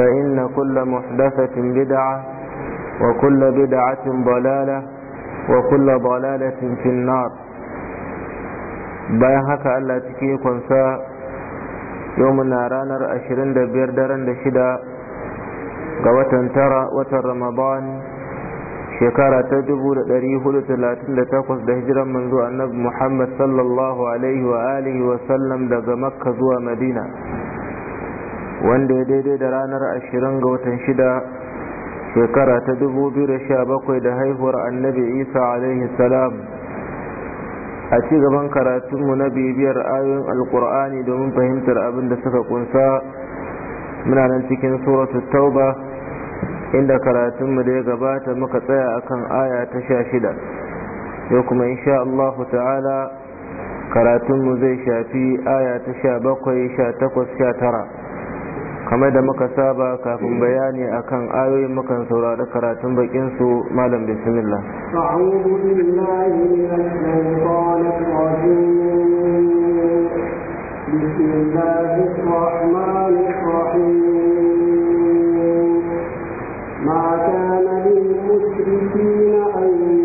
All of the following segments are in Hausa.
فإن كل محدثة بدعة وكل بدعة ضلالة وكل ضلالة في النار bayan haka Allah cike kunsa yau muna ranar 25 daren da shida ga watan tara watan ramadan shekara ta 1438 da hijiran manzo annabi Muhammad sallallahu alaihi wa alihi wa sallam daga makka zuwa madina wanda ya daidai da ranar ashirin ga watan shida shekara ta dubu biyu da sha bakwai da haihuwar annabi isa alaihi salam a ci gaban karatunmu na bibiyar ayoyin alkur'ani domin fahimtar abin da suka kunsa muna nan cikin suratu tauba inda karatunmu da ya gabata muka tsaya akan aya ta sha shida yau kuma insha Allah ta'ala karatunmu zai shafi aya ta sha bakwai sha takwas sha tara kamar da muka saba kafin bayani akan ayoyin mukan saurari karatun bakin su malam bismillah a'udhu billahi minash shaitanir rajim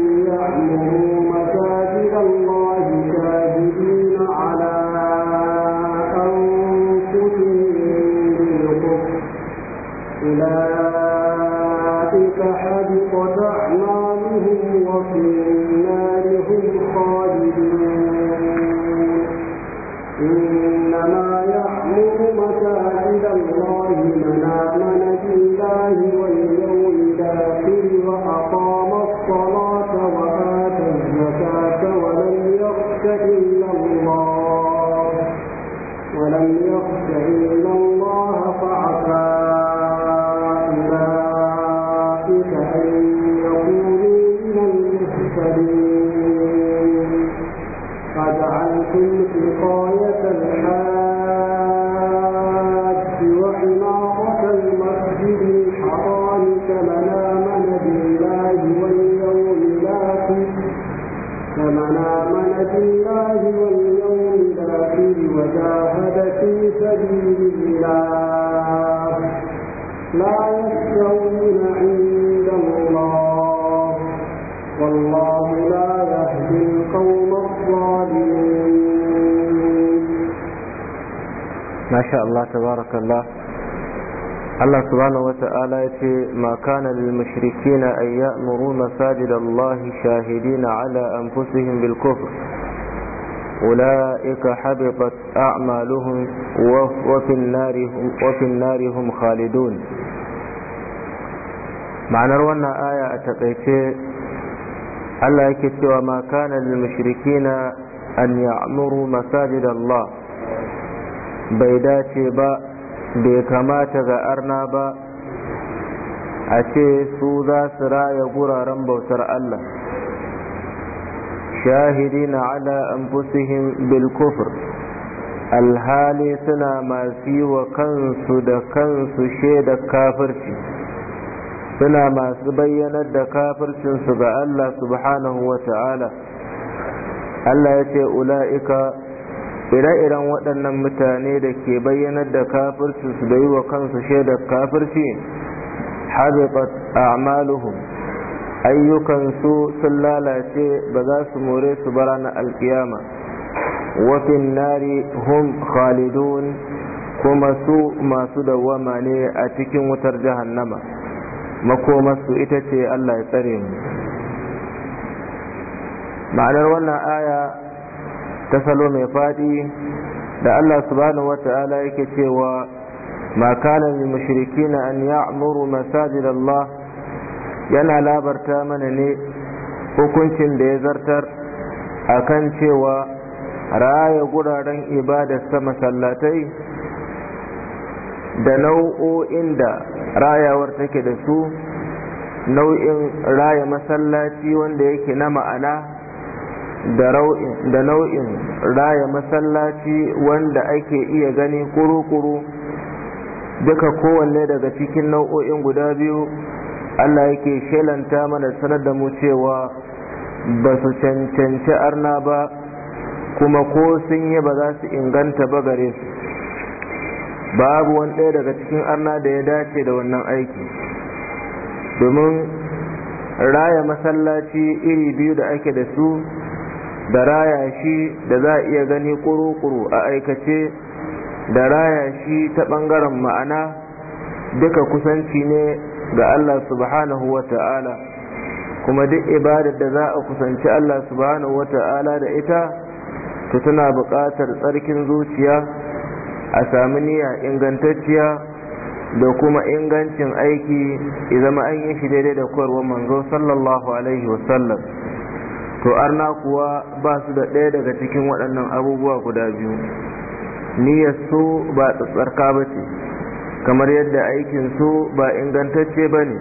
ce ma kana lil mushrikina ay ya'muru masajid Allah shahidina ala anfusihim bil kufr ulaika habitat a'maluhum wa fi narihum wa fi narihum khalidun ma'anar wannan aya a takaice Allah yake cewa ma kana lil mushrikina an ya'muru masajid Allah bai dace ba bai kamata ga arna ba a ce su za su raya guraren bautar Allah shahidina ala an bil kufr alhali suna masu yi wa kansu da kansu shaida kafirci suna masu bayyanar da kafircinsu ga Allah subhanahu wa ta'ala Allah ya ce ula'ika ire-iren waɗannan mutane da ke bayyanar da kafircinsu da yi wa kansu shaidar kafirci habibat a'maluhum ayyukan su sun lalace ba za su more su ba ranar alkiyama wafin nari hum khalidun kuma su masu dawama ne a cikin wutar jahannama makomasu ita ce Allah ya tsare mu ma'anar wannan aya ta salo mai faɗi da Allah subhanahu wata'ala yake cewa ما كان للمشركين أن يعمروا مساجد الله yana labarta mana ne hukuncin da ya zartar a kan cewa raya guraren ibadarsa masallatai da nau'o'in da rayawar take da su nau'in raya masallaci wanda yake na ma'ana da nau'in raya masallaci wanda ake iya gani kuru-kuru duka kowanne daga cikin nau'o'in guda biyu Allah yake shelanta mana sanar da mu cewa ba su cancanci arna ba kuma ko sun yi ba za su inganta ba gare su babu wani ɗaya daga cikin arna da ya dace da wannan aiki domin raya masallaci iri biyu da ake da su da raya shi da za a iya gani kuru-kuru a aikace da raya shi ta ɓangaren ma'ana duka kusanci ne ga Allah subhanahu wa ta'ala kuma duk ibadar da za a kusanci Allah subhanahu wa ta'ala da ita ta tana buƙatar tsarkin zuciya a sami niyya ingantacciya da kuma ingancin aiki zama an yi shi daidai da koyarwar manzo sallallahu alaihi wasallam to arna kuwa ba su da ɗaya daga cikin waɗannan abubuwa guda biyu niyyar su ba tsarka ba ce kamar yadda aikin su ba ingantacce ba ne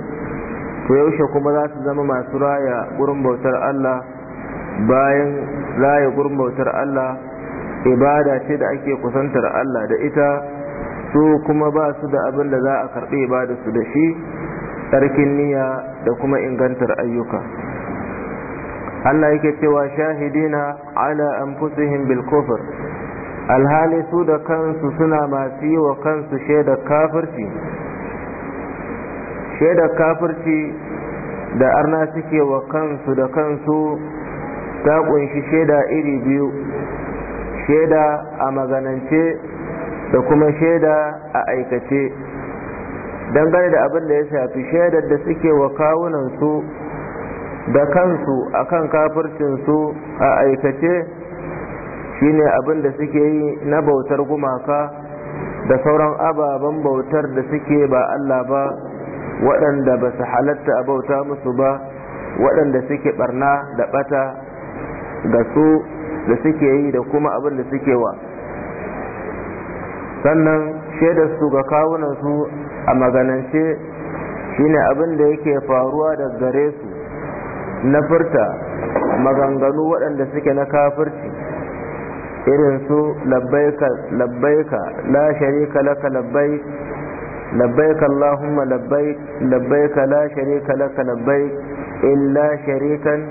to yaushe kuma za su zama masu raya gurin bautar Allah bayan raya gurin bautar Allah ibada ce da ake kusantar Allah da ita su kuma ba su da abin da za a karɓi ibada su da shi tsarkin niyya da kuma ingantar ayyuka Allah yake cewa shahidina ala anfusihim bil kufr alhali su da kansu suna masu yi wa kansu shaidar kafirci shaidar kafirci da arna suke wa kansu da kansu ta kunshi shaida iri biyu shaida a maganance da kuma shaida a aikace dangane da abin da ya shafi shaidar da suke wa kawunansu da kansu akan kafircinsu a aikace shine abin da suke yi na bautar gumaka da sauran ababen bautar da suke ba Allah ba waɗanda ba su halatta a bauta musu ba waɗanda suke barna da ɓata ga su da suke yi da kuma abin da suke wa sannan shaidar su ga kawunansu a maganance shine abin da yake faruwa da gare su na furta maganganu waɗanda suke na kafirci irin su labbaika labbaika la sharika laka labbai labbaika allahumma labbai labbaika la sharika laka labbai illa sharikan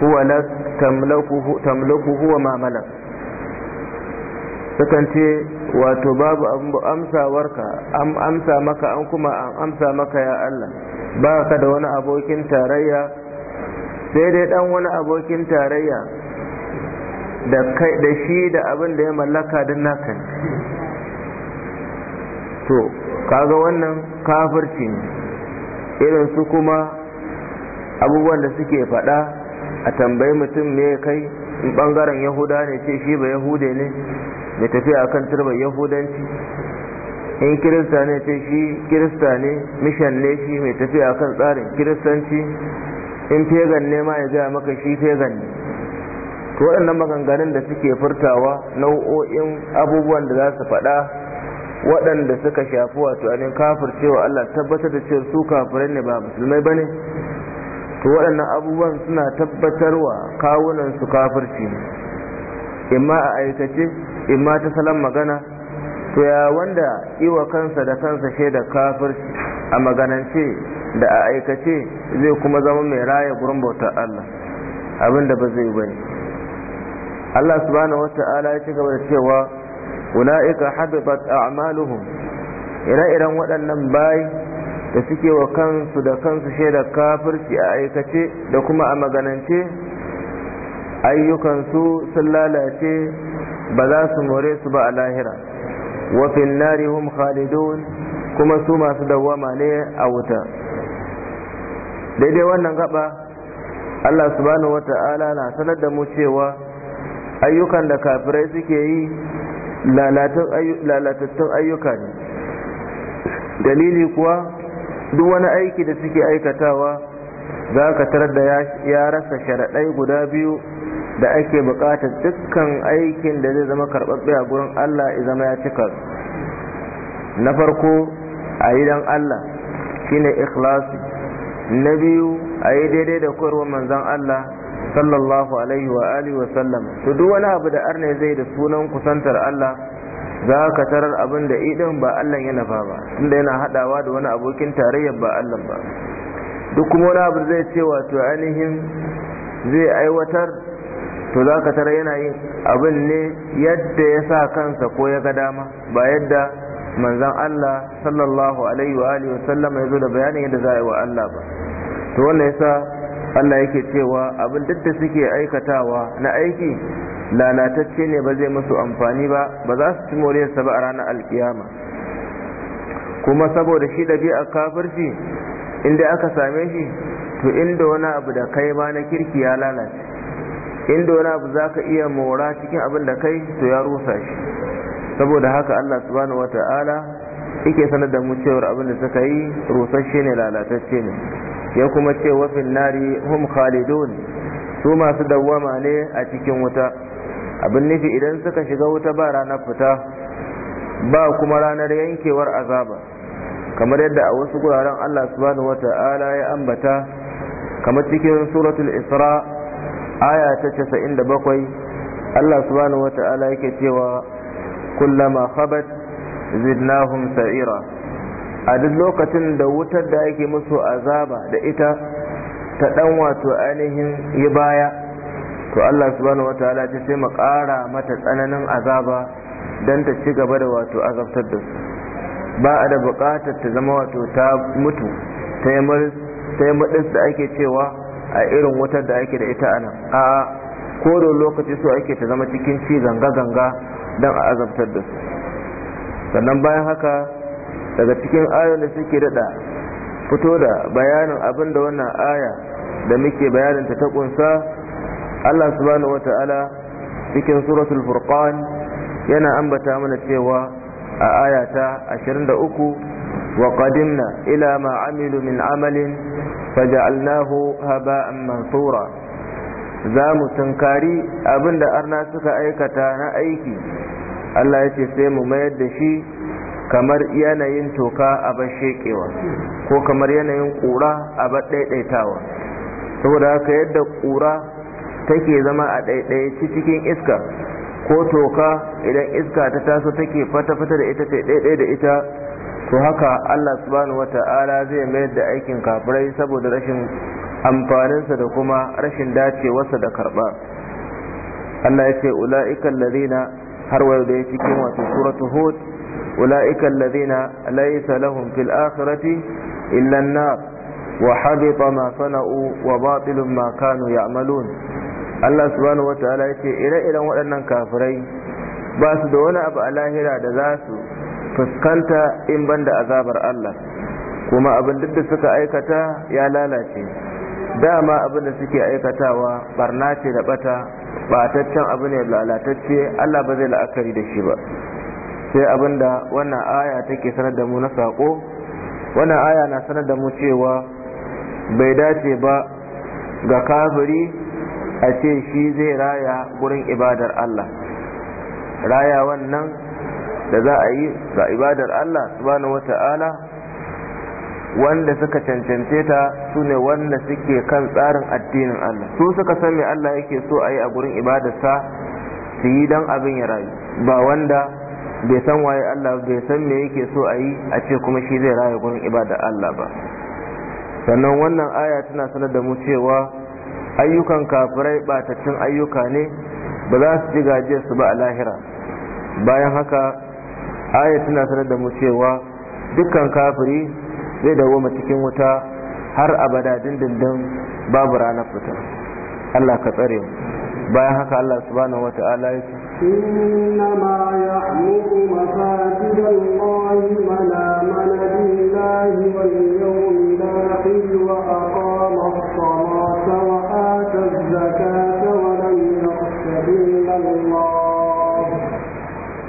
huwa lak tamlakuhu tamlakuhu wa ma malak sukan ce wato babu amsawarka an amsa maka an kuma an amsa maka ya Allah ba ka da wani abokin tarayya sai dai dan wani abokin tarayya da kai da shi da abin da ya mallaka don naka ne to kaga wannan kafirci ne irin su kuma abubuwan da suke faɗa a tambayi mutum me kai in bangaren yahuda ne ce shi ba yahude ne mai tafiya akan turbar yahudanci in kirista ne ce shi kirista ne mishan ne shi mai tafiya akan tsarin kiristanci in fegan ne ma ya gaya maka shi fegan ne to waɗannan maganganun da suke furtawa nau'o'in abubuwan da za su faɗa waɗanda suka shafi wato anin kafir cewa Allah tabbatar da cewa su kafirai ne ba musulmai bane to waɗannan abubuwan suna tabbatarwa kawunan su kafirci imma a aikace imma ta salon magana to ya wanda iwa kansa da kansa shaida kafirci a maganance da a aikace zai kuma zama mai raya gurin bautar Allah Abinda da ba zai bane Allah subhanahu ta'ala ya ci gaba da cewa ula'ika habibat a'maluhum ire-iren waɗannan bayi da suke wa kansu da kansu shaida kafirci a aikace da kuma a maganance ayyukansu sun lalace ba za su more su ba a lahira wafin nari hum khalidun kuma su masu dawwama ne a wuta daidai wannan gaba Allah subhanahu ta'ala na sanar da mu cewa ayyukan da kafirai suke yi lalatattun ayyuka ne dalili kuwa duk wani aiki da suke aikatawa za ka tarar da ya rasa sharaɗai guda biyu da ake buƙatar dukkan aikin da zai zama karɓaɓɓe a gurin Allah ya zama ya cika na farko a yi don Allah shine ikhlasi na biyu a yi daidai da koyarwar manzan Allah sallallahu alaihi wa alihi wa sallam to duk wani abu da arne zai da sunan kusantar Allah za ka tarar abin da idan ba Allah ya nafa ba tunda yana hadawa da wani abokin tarayyar ba Allah ba duk kuma wani abu zai ce wato ainihin zai aiwatar to za ka tarar yana yin abin ne yadda ya sa kansa ko ya ga dama ba yadda manzon Allah sallallahu alaihi wa alihi wa sallam ya zo da bayanin yadda za a yi wa Allah ba to wannan yasa Allah yake cewa abin duk da suke aikatawa na aiki lalatacce ne ba zai musu amfani ba ba za su ci moriyarsa ba a ranar alkiyama kuma saboda shi ɗabi'a kafirci inda aka same shi to inda wani abu da kai ba na kirki ya lalace inda wani abu za ka iya mora cikin abin da kai to ya rusa shi saboda haka Allah subhanahu wata'ala yake sanar da mu cewar abin da suka yi rusasshe ne lalatacce ne ya kuma ce wafin nari hum khalidun su masu dawwama ne a cikin wuta abin nufi idan suka shiga wuta ba ranar fita ba kuma ranar yankewar azaba kamar yadda a wasu guraren Allah subhanahu wata'ala ya ambata kamar cikin suratul isra aya ta 97 Allah subhanahu wata'ala yake cewa kullama khabat zidnahum sa'ira a duk lokacin da wutar da ake musu azaba da ita ta dan wato ainihin yi baya to Allah subhanahu wataala ta sai mu ƙara mata tsananin azaba don ta ci gaba da wato azabtar da su ba a da buƙatar ta zama wato ta mutu ta yi da ake cewa a irin wutar da ake da ita anan a ko da lokaci so ake ta zama cikin ci ganga-ganga don a azabtar da su sannan bayan haka daga cikin ayoyin da suke daɗa fito da bayanin abin da wannan aya da muke bayanin ta ta kunsa Allah subhanahu wata'ala cikin suratul furqan yana ambata mana cewa a aya ta 23 wa qadimna ila ma amilu min amalin faja'alnahu haba'an mansura za mu tunkari abin da arna suka aikata na aiki Allah ya ce sai mu mayar da shi kamar yanayin toka a ba shekewa ko kamar yanayin kura a baɗaiɗaitawa ɗaiɗaitawa saboda haka yadda kura take zama a ɗaiɗaya cikin iska ko toka idan iska ta taso take fata-fata da ita ta ɗaiɗaya da ita to haka Allah subhanahu ta'ala zai mayar da aikin kafirai saboda rashin amfaninsa da kuma rashin dacewarsa da karɓa Allah ya ce ula'ikan ladina har wayo da ya cikin wato suratu hud أولئك الذين ليس لهم في الآخرة إلا النار وحبط ما صنعوا وباطل ما كانوا يعملون Allah subhanahu wataala ya ce ire-iren waɗannan kafurai, ba su da wani abu a lahira da za su fuskanta in banda azabar Allah kuma abin duk da suka aikata ya lalace dama abin da suke aikatawa barna ce da bata ɓataccen abu ne lalatacce Allah ba zai la'akari da shi ba sai abinda wannan aya take sanar da mu na sako wannan aya na sanar da mu cewa bai dace ba ga kafiri a ce shi zai raya gurin ibadar Allah raya wannan da za a yi ga ibadar Allah subhanahu wata'ala wanda suka cancance ta su ne wanda suke kan tsarin addinin Allah su suka san me Allah yake so a yi a gurin ibadarsa su yi don abin ya rayu ba wanda bai san waye Allah bai san me yake so a yi a ce kuma shi zai raya gurin ibada Allah ba sannan wannan aya tana sanar da mu cewa ayyukan kafirai batattun ayyuka ne ba za su ji gajiyar su ba a lahira bayan haka aya tana sanar da mu cewa dukkan kafiri zai dawo mu cikin wuta har abada dindindin babu ranar fita Allah ka tsare bayan haka Allah subhanahu wata'ala ya ce إنما يعمر مساجد الله من آمن بالله واليوم الآخر وأقام الصلاة وآتى الزكاة ولم يخش إلا الله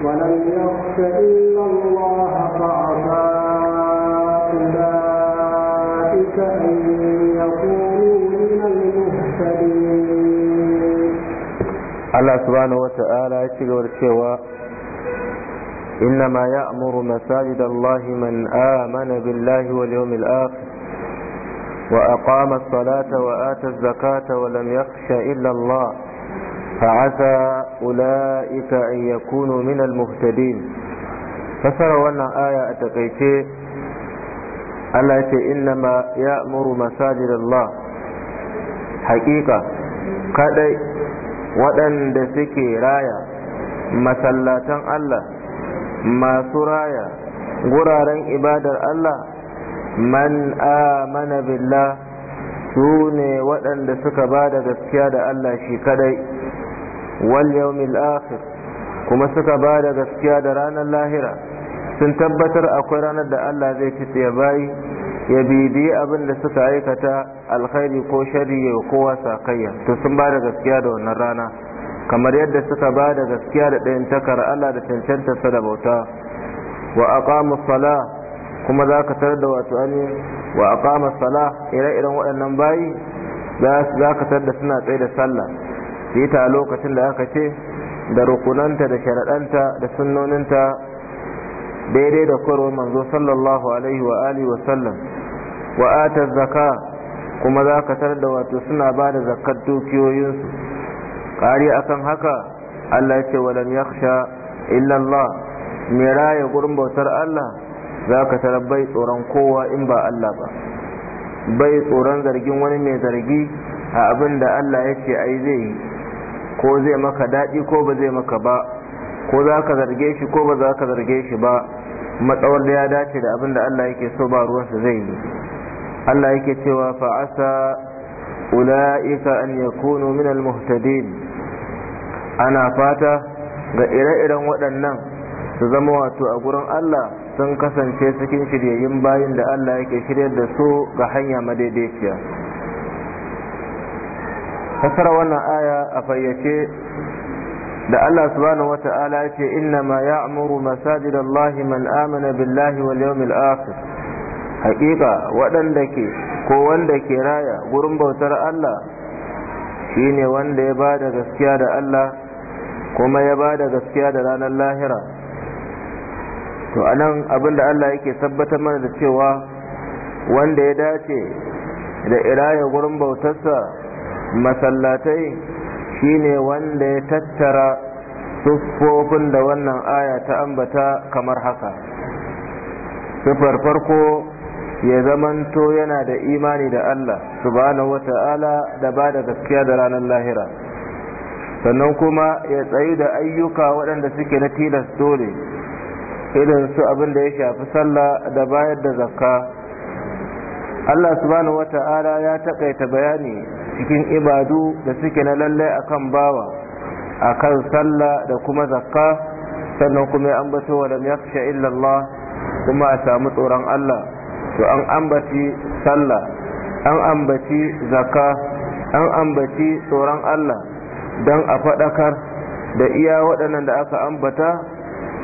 ولم يخش إلا الله فعسى أولئك أن Allah subhanahu wa ta'ala ya ci gaba da cewa إنما يأمر مساجد الله من آمن بالله واليوم الآخر وأقام الصلاة وآتى الزكاة ولم يخش إلا الله فعسى أولئك أن يكونوا من المهتدين فسروا أن آية أتقيتي التي إنما يأمر مساجد الله حقيقة كذا waɗanda suke raya masallatan Allah masu raya guraren ibadar Allah man amana billah su ne waɗanda suka ba da gaskiya da Allah shi kadai wal yawmil akhir kuma suka ba da gaskiya da ranar lahira sun tabbatar akwai ranar da Allah zai ci ya bayi ya bibi abin da suka aikata alkhairi ko shari ya kowa sakayya to sun ba da gaskiya da wannan rana kamar yadda suka ba da gaskiya da ɗayan takar Allah da cancantarsa da bauta wa aqamu sala kuma za ka tar da wato ani wa aqamu sala ire-iren waɗannan bayi za ka tar da suna tsaye da sallah su yi ta lokacin da aka ce da rukunanta da sharaɗanta da sunnoninta daidai da korowar manzo sallallahu alaihi wa alihi wa sallam wa ata zaka kuma za ka tar da wato suna ba da zakar dukiyoyinsu kari akan haka Allah ce lam yakhsha illallah me raya gurin bautar Allah za ka tara bai tsoron kowa in ba Allah ba bai tsoron zargin wani mai zargi a abin da Allah ya ce ai zai yi ko zai maka daɗi ko ba zai maka ba ko za ka zarge shi ko ba za ka zarge shi ba matsawar da ya dace da abin da Allah yake so ba ruwansa zai yi Allah yake cewa fa'asa ula'ika an yakunu min al ana fata ga ire-iren waɗannan su zama wato a gurin Allah sun kasance cikin shiryayyun bayin da Allah yake shiryar da su ga hanya madaidaiciya fasara wannan aya a fayyace da Allah subhanahu wata'ala ya ce inna ma ya'muru masajidallahi man amana billahi wal yawmil akhir hakika waɗanda ke ko wanda ke raya gurin bautar Allah shine wanda ya ba da gaskiya da Allah kuma ya ba da gaskiya da ranar lahira to anan abinda Allah yake tabbatar mana da cewa wanda ya dace da iraya gurin bautarsa masallatai shine wanda ya tattara siffofin da wannan aya ta ambata kamar haka siffar farko ya zamanto yana da imani da Allah subhanahu ta'ala da ba da gaskiya da ranar lahira sannan kuma ya tsayi da ayyuka waɗanda suke na tilas dole irin su abin da ya shafi sallah da bayar da zakka Allah subhanahu ta'ala ya taƙaita bayani cikin ibadu da suke na lallai akan bawa akan sallah da kuma zakka sannan kuma ya ambato wa lam yakhsha illa Allah kuma a samu tsoron Allah to an ambaci sallah an ambaci zakka, an ambaci tsoron Allah don a faɗakar da iya waɗannan da aka ambata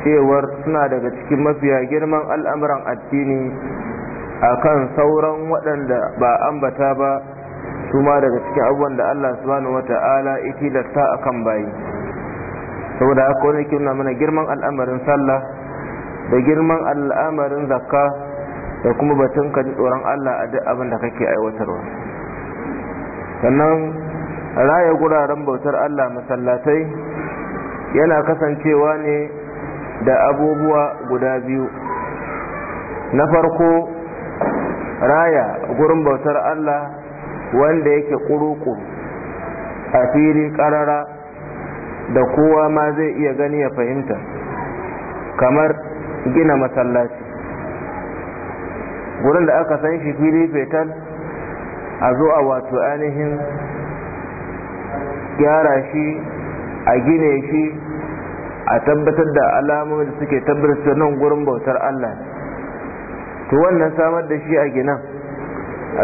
cewar suna daga cikin mafiya girman al'amuran addini akan sauran waɗanda ba ambata ba su ma daga cikin abubuwan da Allah subhanahu wata'ala yake lasta akan bayi saboda aka wani kimna mana girman al'amarin sallah da girman al'amarin zakka da kuma batun ka ji tsoron Allah a duk abin da kake aiwatarwa sannan raya guraren bautar Allah masallatai yana kasancewa ne da abubuwa guda biyu na farko raya gurin bautar Allah wanda yake ƙuruƙu a fili ƙarara da kowa ma zai iya gani ya fahimta kamar gina masallaci Wurin da aka san shi fili fetal a zo a wato ainihin gyara shi a gine shi a tabbatar da alamomin da suke tabbatar nan gurin bautar Allah to wannan samar da shi a ginin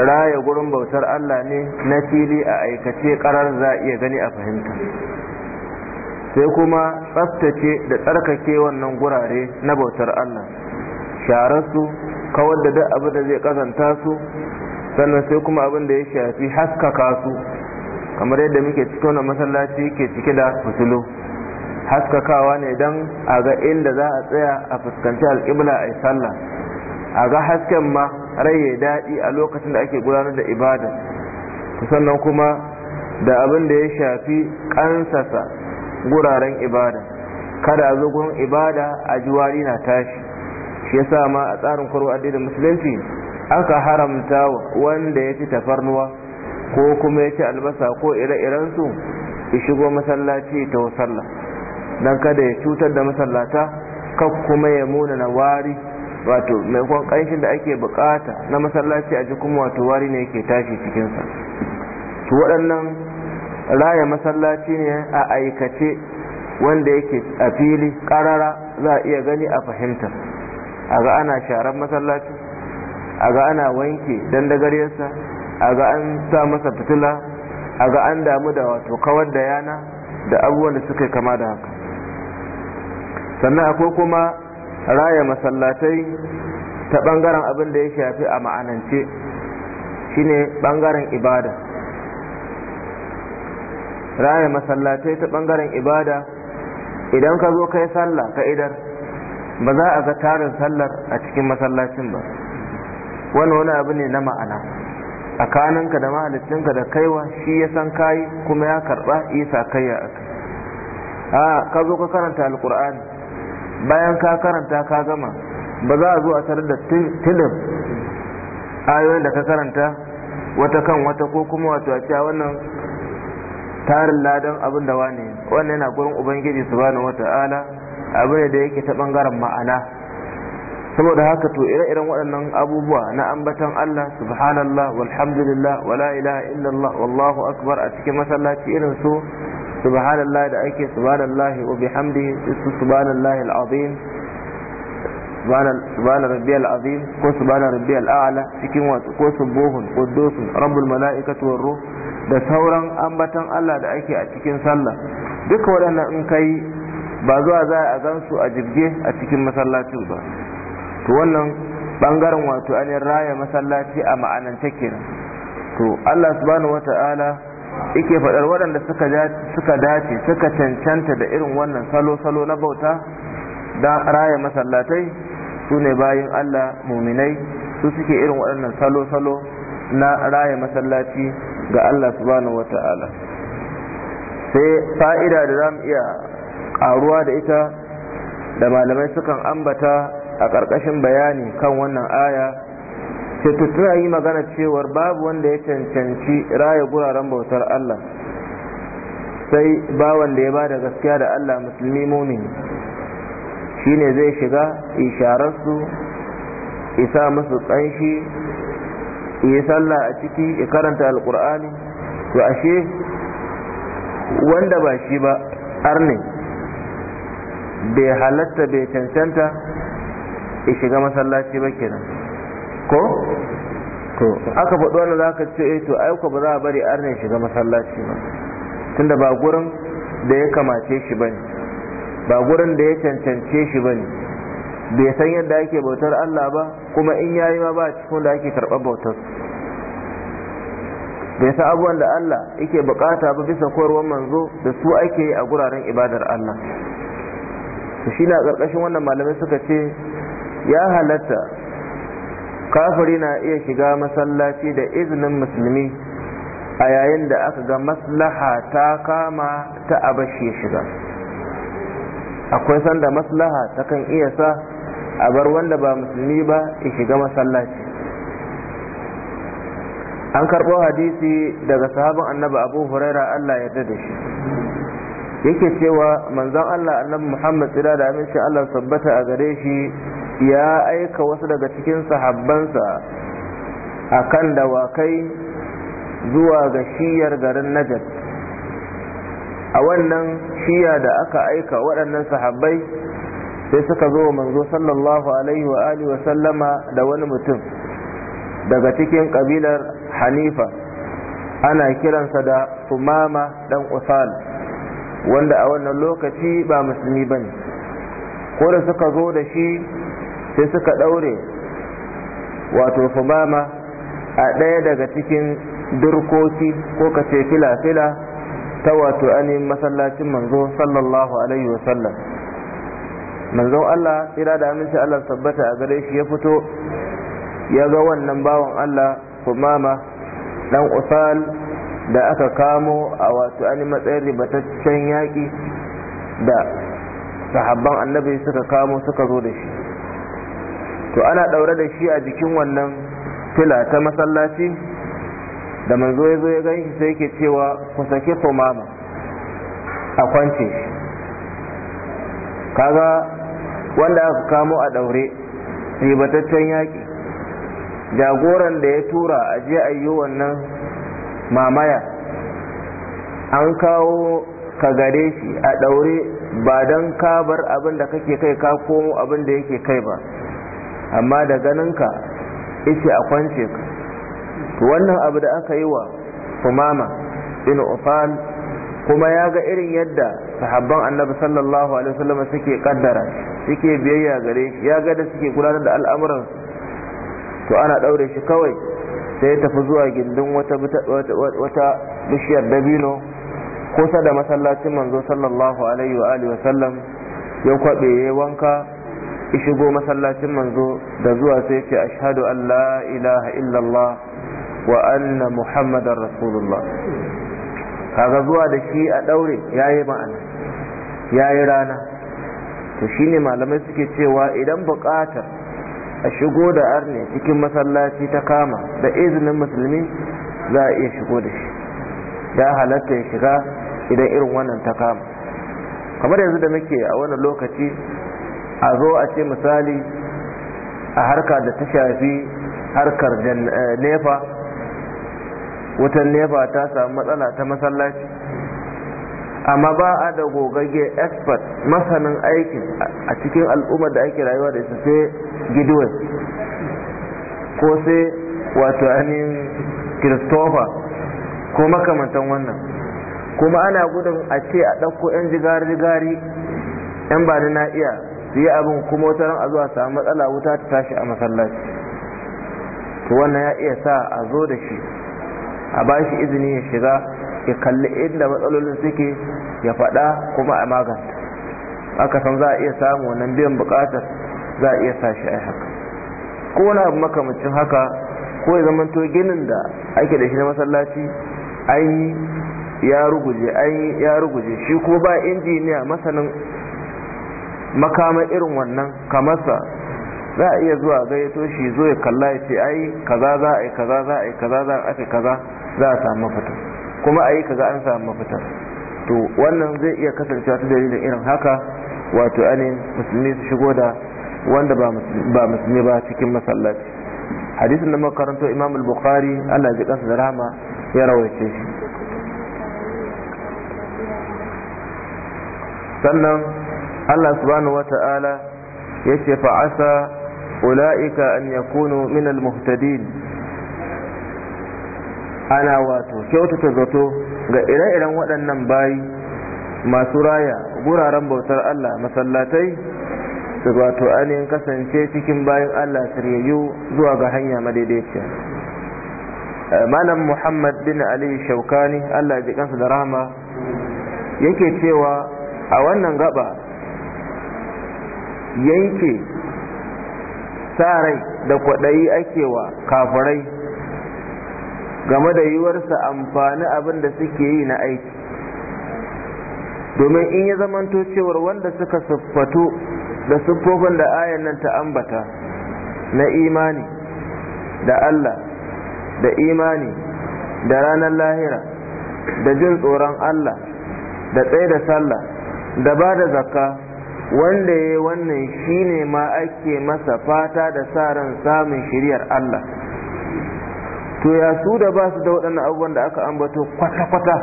raya gurin bautar Allah ne na fili a aikace karar za iya gani a fahimta sai kuma tsaftace da tsarkake wannan gurare na bautar Allah sharar su. kawar da duk abin da zai kazanta su sannan sai kuma abin da ya shafi haskaka su kamar yadda muke cikin wannan masallaci ke cike da fitilu haskakawa ne dan a ga inda za a tsaya a fuskanci alƙibla a yi sallah a ga hasken ma rai ya daɗi a lokacin da ake gudanar da ibada sannan kuma da abin da ya shafi kansasa guraren ibada kada a zo gurin ibada a ji wari na tashi shi yasa ma a tsarin koro addinin musulunci aka haramta wanda ya ci tafarnuwa ko kuma ya ci albasa ko ire-iren su ya shigo masallaci ta sallah dan kada ya cutar da masallata ka kuma ya muna na wari wato maimakon ƙanshin da ake bukata na masallaci a jikin wato wari ne yake tashi cikinsa to waɗannan raya masallaci ne a aikace wanda yake a fili ƙarara za a iya gani a fahimtar. a ga ana sharan masallaci a ga ana wanke dandagaryarsa a ga an sa masa fitila a ga an damu da wato kawar da yana da abubuwan da suka kama da haka sannan akwai kuma raya masallatai ta bangaren abin da ya shafi a ma'anance shine bangaren ibada raya masallatai ta bangaren ibada idan ka zo kai sallah ka idar ba za a ga tarin sallar a cikin masallacin ba wani wani abu ne na ma'ana tsakaninka da mahalicinka da kaiwa shi ya san kayi kuma ya karba isa kai a kai a ka zo ka karanta alkur'ani bayan ka karanta ka gama ba za a zo a tarar da tilin ayoyin da ka karanta wata kan wata ko kuma wato a cewa wannan tarin ladan abin da wane wannan yana gurin ubangiji subhanahu wata'ala abu ne da yake ta bangaren ma'ana saboda haka to ire-iren waɗannan abubuwa na ambatan Allah subhanallah walhamdulillah wala ilaha illallah wallahu akbar a cikin masallaci irin su subhanallah da ake subhanallah wa bihamdihi su subhanallah al'azim subhana rabbiyal azim ko subhana rabbiyal a'la cikin wasu ko subuhun quddusun rabbul mala'ikati war ruh da sauran ambatan Allah da ake a cikin sallah duka waɗannan in kai ba zuwa za a gansu a jirge a cikin masallacin ba to wannan bangaren wato an raya masallaci a ma'anance kenan to Allah subhanahu wata'ala yake faɗar waɗanda suka dace suka cancanta da irin wannan salo-salo na bauta da raya masallatai su ne bayan Allah muminai su suke irin waɗannan salo-salo na raya masallaci ga Allah subhanahu wata'ala sai fa'ida da zamu iya ruwa da ita da malamai sukan ambata a ƙarƙashin bayani kan wannan aya ce yi magana cewar babu wanda ya cancanci raya guraren bautar Allah sai bawan da ya ba da gaskiya da Allah musulmi mumini shi ne zai shiga ishararsu isa musu ƙanshi yi sallah a ciki ya karanta alkur'ani to ashe wanda ba shi ba arne bai halatta bai cancanta ya shiga masallaci ba kenan ko ko aka faɗo da za ka ce eh, to aiko ba za a bari arnin shiga masallaci ba tunda ba gurin da ya kamace shi ba ne ba gurin da ya cancance shi ba ne bai san yadda ake bautar Allah ba kuma in yayi ma ba cikin da ake karɓar bautar bai san abubuwan da Allah yake bukata ba bisa koyarwar manzo da su ake yi a guraren ibadar Allah su shi na ƙarƙashin wannan malamai suka ce ya halatta kafiri na iya shiga masallaci da izinin musulmi a yayin da aka ga maslaha ta kama ta abashi ya shiga akwai sanda maslaha ta kan iya sa a bar wanda ba musulmi ba ya shiga masallaci an karɓo hadisi daga sahabin annabi abu huraira allah ya da shi yake cewa manzon Allah annabi Muhammad Sida da aminci Allah sabbata a gare shi ya aika wasu daga cikin sahabbansa akan dawakai zuwa ga shiyar garin Najd a wannan shiya da aka aika waɗannan sahabbai sai suka zo manzo sallallahu alaihi wa alihi wa sallama da wani mutum daga cikin kabilar Hanifa ana kiransa da Umama dan Usal wanda a wannan lokaci ba musulmi ba ne ko da suka zo da shi sai suka ɗaure wato fumama a ɗaya daga cikin durkoki ko kace fila-fila ta wato ainihin masallacin manzo sallallahu alaihi wasallam manzon Allah tsira da aminci Allah tabbata a gare shi ya fito ya ga wannan bawan Allah fumama dan usal da aka kamo a wato ani matsayin ribataccen yaƙi da sahabban annabi suka kamo suka zo da shi to ana ɗaure da shi a jikin wannan fila ta masallaci da manzo ya zo ya gan shi sai ke cewa ku sake tumama a kwance shi kaga wanda aka kamo a ɗaure ribataccen yaƙi jagoran da ya tura a je a yi wannan mamaya an kawo ka gare shi a ɗaure ba don ka bar abin da kake kai ka komo abin da yake kai ba amma da ganin ka ishe a kwance ka wannan abu da aka yi wa umama bin ufan kuma ya ga irin yadda sahabban annabi sallallahu alaihi wasallam suke kaddara suke biyayya gare shi ya ga da suke gudanar da al'amuran to ana ɗaure shi kawai sai tafi zuwa gindin wata bishiyar dabino kusa da masallacin manzo sallallahu alaihi wa alihi wasallam ya kwabe ya wanka shigo masallacin manzo da zuwa sai ce ashhadu an la ilaha illallah wa anna muhammadar rasulullah kaga zuwa da shi a daure yayi ma'ana yayi rana to shine malamai suke cewa idan bukatar a shigo da arne cikin masallaci ta kama da izinin musulmi za a iya shigo da shi ya halatta ya shiga idan irin wannan ta kama kamar yanzu da muke a wannan lokaci a zo a ce misali a harka da ta shafi harkar eh, nefa wutan nefa ta samu matsala ta masallaci amma ba a da gogagge expert masanin aikin a cikin al'ummar da ake rayuwa da su sai gideon ko sai wato ainihin christopher ko makamantan wannan kuma ana gudun a ce a ɗauko 'yan jigari-jigari 'yan ba na iya su yi abin kuma wata ran a zuwa samu matsala wuta ta tashi a masallaci to wannan ya iya sa a zo da shi a ba shi izini ya shiga ya kalli inda matsalolin suke ya faɗa kuma a maganta aka san za a iya samu wannan biyan bukatar. za a iya sa shi a haka ko wani abu makamacin haka ko ya zama to ginin da ake da shi na masallaci an yi ya ruguje an yi ya ruguje shi ko ba injiniya masanin makama irin wannan kamarsa za a iya zuwa gayyato shi zo ya kalla ya ce ai kaza za a yi kaza za a yi kaza za a yi kaza za a samu mafita kuma a yi kaza an samu mafita to wannan zai iya kasancewa ta dalilin irin haka wato anin musulmi su shigo da wanda ba musulmi ba cikin masallaci hadisin da makaranto imam al-bukhari allah ji kansa da rahama ya rawaice shi sannan allah subhanahu wa ta'ala ya ce fa'asa ula'ika an yakunu min al-muhtadin ana wato kyautata zato ga ire-iren waɗannan bayi masu raya guraren bautar Allah masallatai su wato ainihin kasance cikin bayan Allah shiryayyu zuwa ga hanya madaidaiciya eh, malam muhammad bin ali shaukani Allah ya ji kansa da rahama yake cewa a wannan gaba yanke sa rai da kwaɗayi ake wa kafirai game da yiwuwarsa amfani abin da suke yi na aiki domin in ya zamanto cewar wanda suka siffatu da siffofin da ayan nan ta ambata na imani da Allah da imani da ranar lahira da jin tsoron Allah da tsaye da sallah da ba da zakka wanda ya wannan shi ne ma ake masa fata da sa ran samun shiryar Allah to ya su da ba su da waɗannan abubuwan da aka ambato kwata-kwata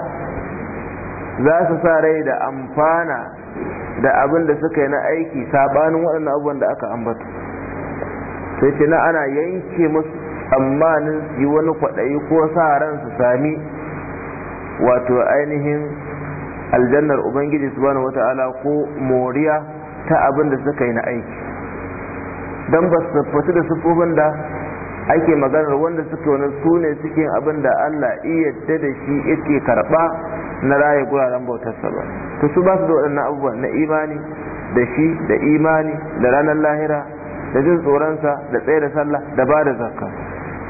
za su sa rai da amfana da abin da suka yi na aiki sabanin waɗannan abubuwan da aka ambata sai ce na ana yanke musu tsammanin yi wani kwaɗayi ko sa ran su sami wato ainihin aljannar ubangiji su subhanahu wata'ala ko moriya ta abin da suka yi na aiki don ba su fatu da siffofin da ake maganar wanda suke wani sune ne suke abin da Allah iya da shi yake karɓa na raye guraren bautarsa ba to su ba su da waɗannan abubuwan na imani da shi da imani da ranar lahira da jin tsoronsa da tsaye da sallah da ba da zakka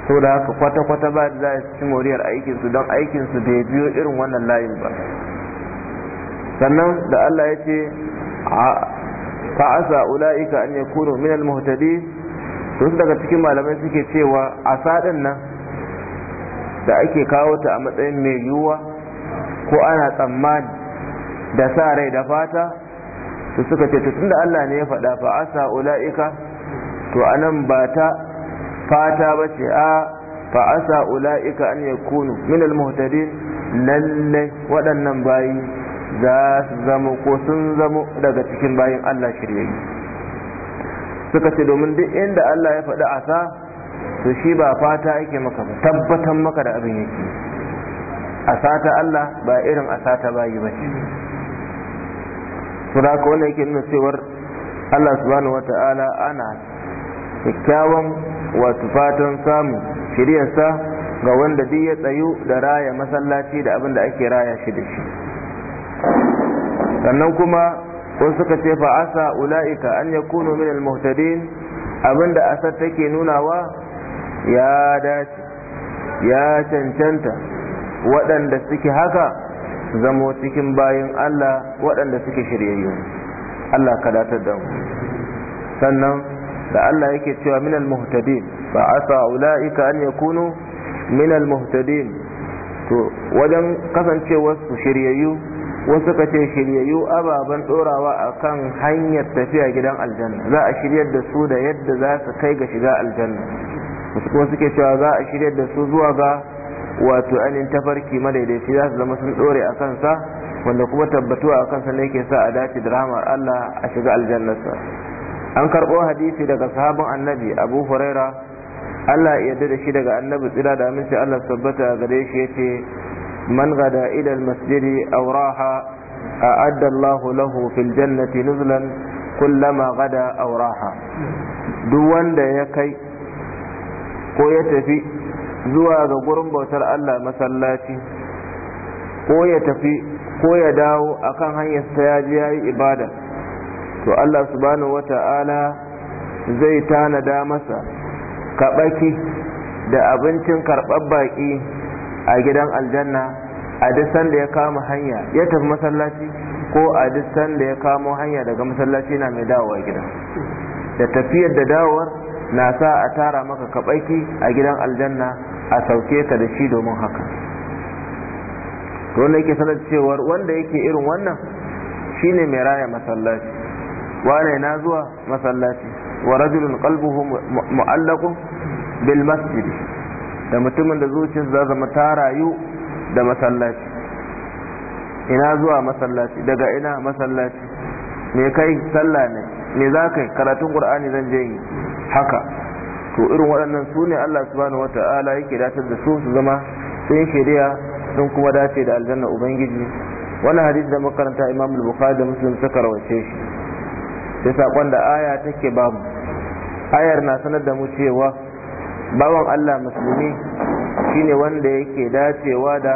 saboda haka kwata-kwata ba da za su ci moriyar aikinsu don aikinsu da ya biyo irin wannan layin ba sannan da Allah ya ce asa ula'ika an yakunu minal muhtadin sun daga cikin malamai suke cewa a sadan nan da ake kawo ta a matsayin mai yiwuwa ko ana tsammani da sa rai da fata su suka ce tunda Allah ne ya faɗa fa asa ula'ika to anan ba ta fata ba ce a fa asa ula'ika an kunu min al-muhtadin lalle waɗannan bayi za su zama ko sun zama daga cikin bayin Allah shiryayye suka ce domin duk inda Allah ya faɗi asa to shi ba fata yake maka ba tabbatan maka da abin yake a ta Allah ba irin a ta bayi ba su da haka yake nuna cewar Allah subhanahu ta'ala ana kyakkyawan wasu fatan samu shiryarsa ga wanda duk ya tsayu da raya masallaci da abin da ake raya shi da shi sannan kuma wasu suka ce fa asa ula'ika an yakunu min al-muhtadin abinda asar take nunawa ya dace ya cancanta waɗanda suke haka zamo cikin bayan Allah waɗanda suke shiryayyu Allah ka datar da mu sannan da Allah yake cewa min muhtadin fa asa ulaika an yakunu minal muhtadin to wajen kasancewar su shiryayyu wasu ka ce shiryayyu ababen ɗorawa a kan hanyar tafiya gidan aljanna za a shiryar da su da yadda za su kai ga shiga aljanna wasu kuma suke cewa za a shiryar da su zuwa ga wato anin tafarki madaidaici za su zama sun ɗore a kansa wanda kuma tabbatuwa a kansa ne ke sa a dace da rahamar Allah a shiga aljannarsa an karɓo hadisi daga sahabin annabi abu huraira Allah ya yarda da shi daga annabi tsira da aminci Allah tabbata gare shi yace Mangada idon إلى المسجد a راح أعد الله له في الجنة نزلا كلما غدا أو راح ko ya tafi zuwa ga gurin bautar Allah masallaci ko ya tafi ko ya dawo akan hanyar ta yaji yayi ibada to Allah subhanahu wata'ala zai tanada masa kaɓaki da abincin karɓar baƙi a gidan aljanna a duk sanda ya kama hanya ya tafi masallaci ko a duk sanda ya kamo hanya daga masallaci na mai dawowa gida da tafiyar da dawowar na sa a tara maka kabaiki a gidan aljanna a sauke ka da shi domin haka to wanda yake sanar cewar wanda yake irin wannan shine mai raya masallaci wane na zuwa masallaci wa rajulun qalbuhu mu'allaqun bil masjid da mutumin da zuciyarsa za zama ta rayu da masallaci ina zuwa masallaci daga ina masallaci me kai sallah ne me za ka yi karatun qur'ani zan je yi haka to irin waɗannan su ne Allah subhanahu wata'ala yake datar da su su zama sun shirya sun kuma dace da aljanna ubangiji wannan hadisi da makaranta imam al-bukhari da muslim suka rawace shi Da sakon da aya take babu ayar na sanar da mu cewa bawan Allah musulmi shine wanda yake dacewa da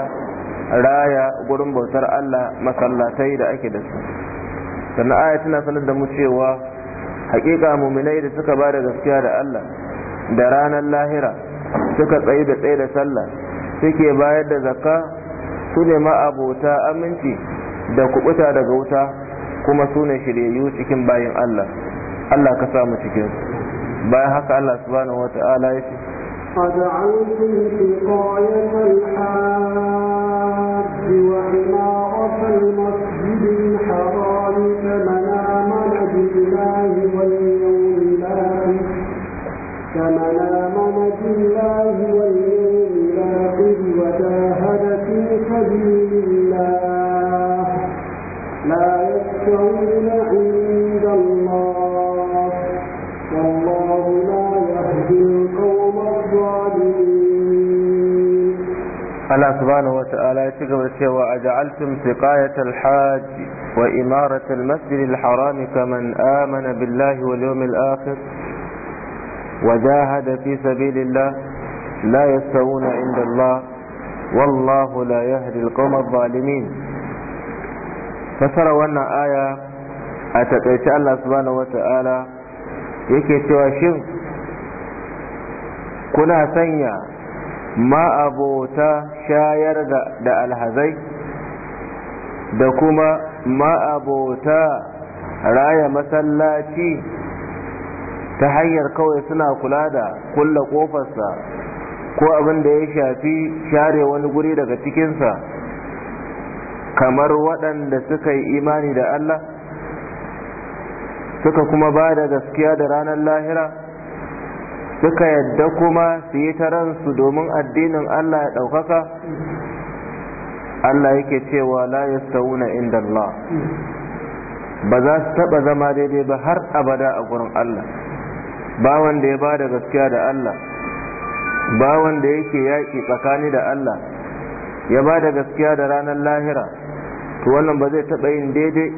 raya gurin bautar Allah masallatai da ake da su sannan aya tana sanar da mu cewa hakika muminai da suka ba da gaskiya da Allah da ranar lahira suka tsayi da tsaye da sallah suke bayar da zakka su ne abota, aminci da kubuta daga wuta kuma su ne shiryayyu cikin bayin Allah Allah ka samu cikin bayan haka Allah subhanahu wata'ala ya ce قد أجعلتم سقاية الحاج وعمارة المسجد الحرام كمن آمن بالله واليوم الآخر كمن آمن بالله واليوم الآخر وجاهد في سبيل الله لا يستوون عند Allah subhanahu wa ta'ala ya ci gaba cewa a ja'altum siqayatal hajj wa imaratal masjidil haram kaman amana billahi wal yawmil akhir wa jahada fi sabilillah la yastawuna inda Allah wallahu la yahdi al adh-dhalimin fasara wannan aya a taƙaice Allah subhanahu wa ta'ala yake cewa shin kuna sanya ma'abota shayar da alhazai da kuma ma'abota raya masallaci ta hanyar kawai suna kula da kulla kofarsa ko abin da ya shafi share wani guri daga cikinsa kamar waɗanda suka yi imani da Allah suka kuma ba da gaskiya da ranar lahira suka yadda kuma su yi ta ransu domin addinin Allah ya ɗaukaka Allah yake cewa la sauna inda Allah ba za su taɓa zama daidai ba har abada a gurin Allah ba wanda ya ba da gaskiya da Allah ba wanda yake yaƙi tsakani da Allah ya ba da gaskiya da ranar lahira to wannan ba zai taɓa yin daidai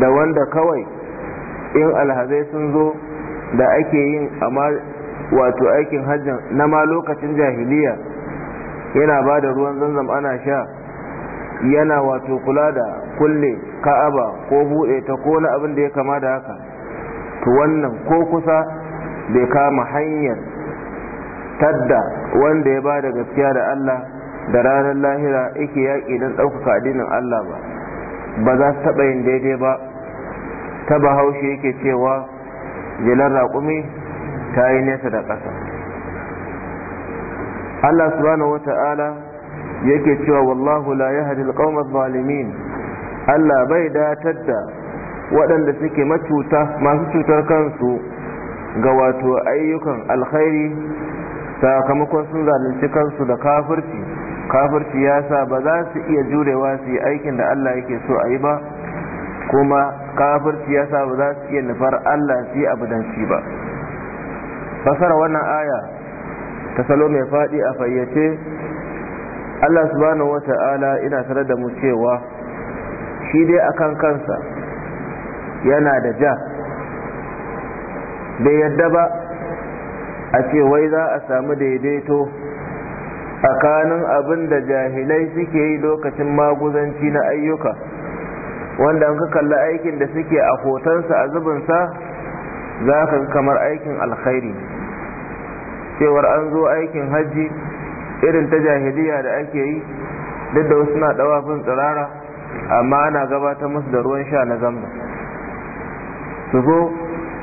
da wanda kawai in alhazai sun zo da ake yin wato aikin hajjan na ma lokacin jahiliya yana ba da ruwan zanzam ana sha yana wato kula da kulle ka'aba ko buɗe ta ko na abin da ya kama da haka to wannan ko kusa bai kama hanyar tadda wanda ya ba da gaskiya da Allah da ranar lahira yake yaƙi don ɗaukaka addinin Allah ba ba za su taɓa yin daidai ba ta bahaushe yake cewa jelar raƙumi ta yi nesa da ƙasa Allah subhanahu wata'ala yake cewa wallahu la yahdi alqawma adh zalimin Allah bai datar da waɗanda suke macuta masu cutar kansu ga wato ayyukan alkhairi sakamakon sun zalunci kansu da kafirci kafirci ya sa ba za su iya jurewa su yi aikin da Allah yake so a yi ba kuma kafirci ya sa ba za su iya nufar Allah su yi abu don shi ba fasara wannan aya ta salo mai faɗi a fayyace Allah subhanahu wata'ala ina sanar da mu cewa shi dai akan kansa yana da ja bai yadda ba a ce wai za a samu daidaito tsakanin abin da jahilai suke yi lokacin maguzanci na ayyuka wanda an ka kalli aikin da suke a hotonsa a zubinsa za ka kamar aikin alkhairi cewar an zo aikin hajji irin ta jahiliya da ake yi duk da wasu na dawafin tsirara amma ana gabatar musu da ruwan sha na zamba su zo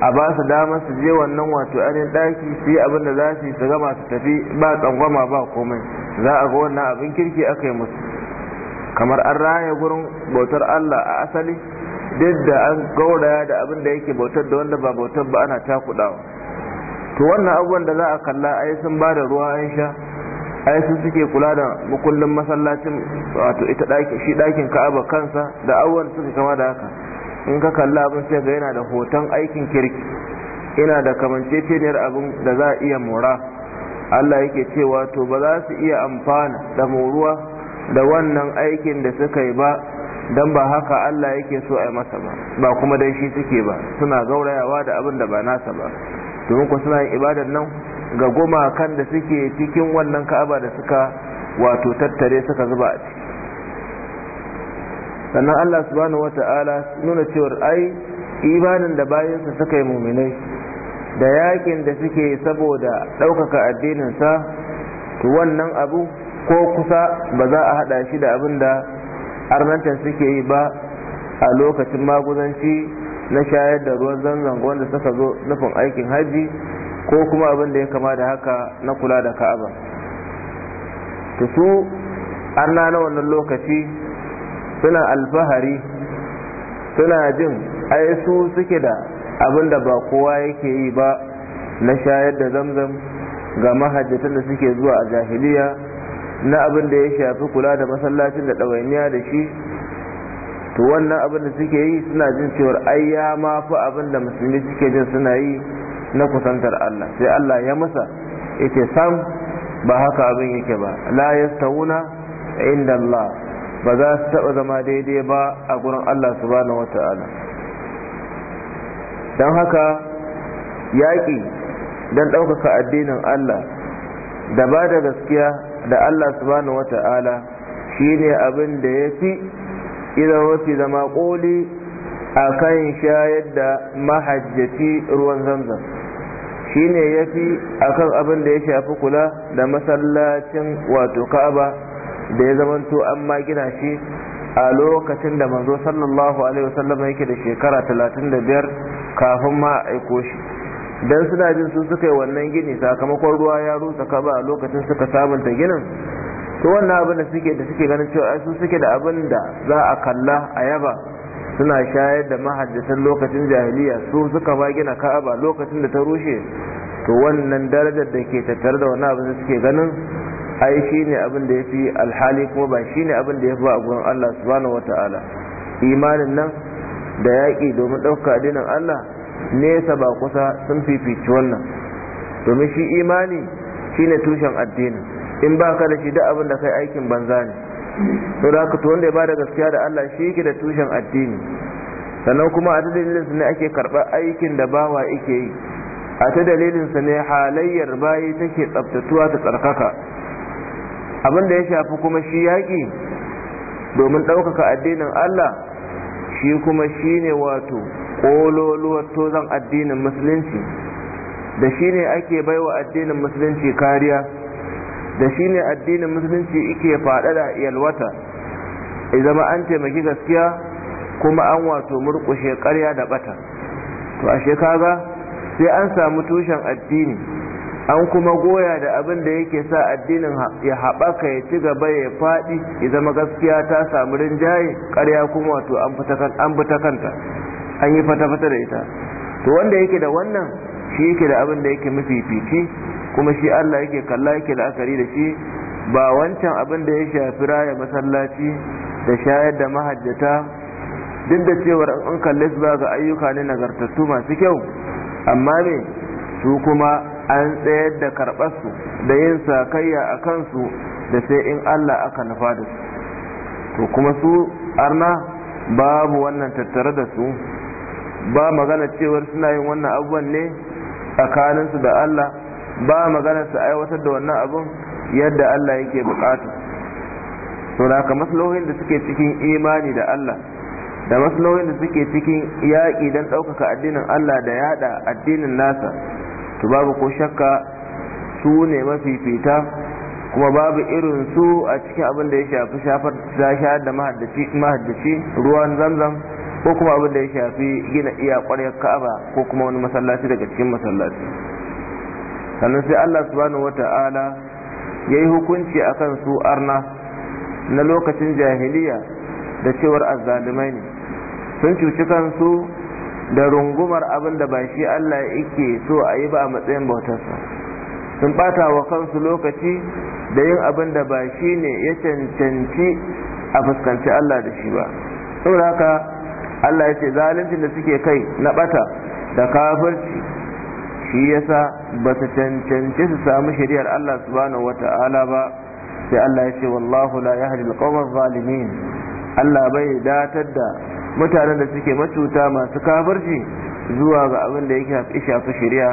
a ba su dama su je wannan wato ainihin ɗaki su yi abin da za su yi su gama su tafi ba tsangwama ba komai za a ga wannan abin kirki aka yi musu kamar an raya gurin bautar allah a asali duk da an gauraya da abin da yake bautar da wanda ba bautar ba ana takudawa to wannan abubuwan da za a kalla yi sun ba da ruwa an sha yi sun suke kula da makullin masallacin wato ita ɗakin shi ɗakin ka'aba kansa da abubuwan suka kama da haka in ka kalla abin sai ga yana da hoton aikin kirki yana da kamance teniyar abin da za a iya mora Allah yake cewa to ba za su iya amfana da moruwa da wannan aikin da suka yi ba don ba haka Allah yake so a yi masa ba ba kuma dai shi suke ba suna gaurayawa da abin da ba nasa ba domin ku suna yin ibadar nan ga gumakan da suke cikin wannan ka'aba da suka wato tattare suka zuba a ciki sannan Allah subhanahu wata'ala nuna cewar ai imanin da bayansa suka yi muminai da yakin da suke saboda ɗaukaka addininsa to wannan abu ko kusa ba za a hada shi da abin da arnantar suke yi ba a lokacin maguzanci na shayar da ruwan zanzan wanda suka zo nufin aikin hajji ko kuma abin da ya kama da haka na kula da ka'aba to su an na wannan lokaci suna alfahari suna jin ai su suke da abin da ba kowa yake yi ba na shayar da zamzam ga mahajjatan da suke zuwa a jahiliya na abin da ya shafi kula da masallacin da ɗawainiya da shi to wannan abin da suke yi suna jin cewar ai ya ma fi abin da musulmi suke jin suna yi na kusantar Allah sai Allah ya masa yake sam ba haka abin yake ba la yastawuna inda Allah ba za su taɓa zama daidai ba a gurin Allah subhanahu wata'ala don haka yaƙi don ɗaukaka addinin Allah da ba da gaskiya da Allah subhanahu wata'ala shine abin da ya fi idan wasu zama koli a kan shayar da mahajjaci ruwan zamzam shi ne ya fi a kan abin da ya shafi kula da masallacin wato ka'aba da ya zamanto an ma gina shi a lokacin da manzo sallallahu alaihi wasallam yake da shekara talatin da biyar kafin ma aiko shi dan suna jin su suka yi wannan gini sakamakon ruwa ya rusa kaba a lokacin suka sabunta ginin to wannan abin da suke ganin cewa su suke da abin da za a kalla a yaba suna shayar da mahajjatan lokacin jahiliya su suka ba gina ka'aba lokacin da ta rushe to wannan darajar da ke tattare da wannan abin da suke ganin ai shi ne abin da ya fi alhali kuma ba shi ne abin da ya fi ba a gurin Allah subhanahu wa ta'ala imanin nan da yaƙi domin ɗauka addinin Allah nesa ba kusa sun fifici wannan domin shi imani shine tushen addinin in ba ka da shi duk abin da kai aikin banza ne to da haka to wanda ya ba da gaskiya da Allah shi yake da tushen addini sannan kuma a ta dalilinsa ne ake karɓar aikin da bawa yake yi a ta dalilinsa ne halayyar bayi take tsaftatuwa ta tsarkaka abin da ya shafi kuma shi yaƙi domin ɗaukaka addinin Allah shi kuma shi ne wato ƙololuwar tozon addinin musulunci da shi ne ake baiwa addinin musulunci kariya da shi ne addinin musulunci ike faɗaɗa yalwata ya zama an taimaki gaskiya kuma an wato murƙushe ƙarya da ɓata to a shekara sai an samu tushen addini an kuma goya da abin da yake sa addinin ya haɓaka ya ci gaba ya faɗi ya zama gaskiya ta samu rinjaye ƙarya kuma wato an fita kanta an yi fata-fata da ita to wanda yake da wannan shi yake da abin da yake mafifici kuma shi Allah yake kalla yake la'akari da shi ba wancan abin da ya shafi raya masallaci da shayar da mahajjata duk da cewar an kalle su ba ga ayyuka ne nagartattu masu kyau amma me su kuma an tsayar da karɓarsu da yin sakayya a kansu da sai in Allah aka nufa da su to kuma su arna babu wannan tattare da su ba magana cewar suna yin wannan abubuwan ne tsakaninsu da Allah ba maganar su aiwatar da wannan abun yadda Allah yake bukata to da haka maslahohin da suke cikin imani da Allah da maslahohin da suke cikin yaƙi don ɗaukaka addinin Allah da yada addinin nasa to babu ko shakka su ne mafifita kuma babu irin su a cikin abin da ya shafi shafar shayar da mahaddaci ruwan zamzam ko kuma abin da ya shafi gina iya ka'aba ko kuma wani masallaci daga cikin masallaci sannan sai Allah subhanahu wata'ala ya yi hukunci kan su arna na lokacin jahiliya da cewar azzalumai ne sun cuci kansu da rungumar abin da ba shi Allah yake so a yi ba a matsayin bautarsa sun bata wa kansu lokaci da yin abin da ba shi ne ya cancanci a fuskanci Allah da shi ba saboda haka Allah ya ce zaluncin da suke kai na bata da kafirci shi yasa ba su cancanci su samu shari'ar Allah subhanahu wata'ala ba sai Allah ya ce wallahu la ya al-qawmal zalimin Allah bai datar da mutanen da suke macuta masu kafirci zuwa ga abin da yake shafi shari'a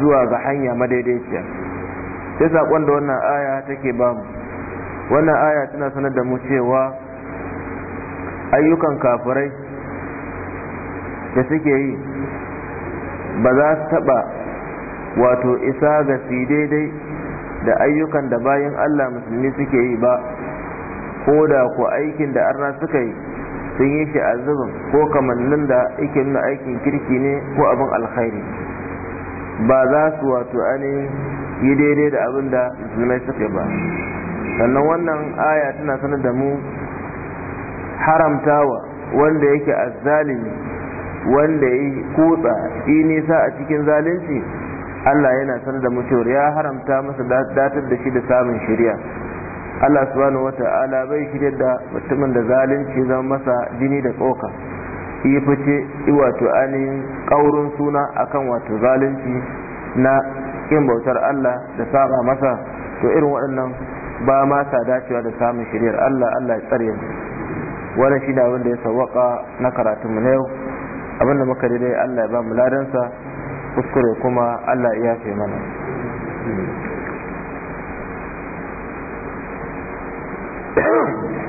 zuwa ga hanya madaidaiciya sai sakon da wannan aya take bamu wannan aya tana sanar da mu cewa ayyukan kafirai da suke yi ba za su taba wato isa ga si daidai da ayyukan da bayan Allah musulmi suke yi ba ko da ku aikin da arna suka yi sun yi shi a zubin ko kamannin da yake nuna aikin kirki ne ko abin alkhairi ba za su wato ane yi daidai da abin da musulmai suka ba sannan wannan aya tana sanar da mu haramtawa wanda yake azzalimi wanda ya kutsa yi nisa a cikin zalunci Allah yana sanar da mutuwar ya haramta masa datar da shi da samun shirya Allah subhanahu ta'ala bai shirya da mutumin da zalunci zama masa jini da tsoka yi fice wato ainihin ƙaurin suna akan wato zalunci na kin bautar Allah da saba masa to irin waɗannan ba ma sa dacewa da samun shiryar Allah Allah ya tsare mu wannan shi da wanda ya sawaka na karatunmu na yau abinda muka dai Allah ya ba mu ladansa kuskure kuma Allah ya fi mana hmm.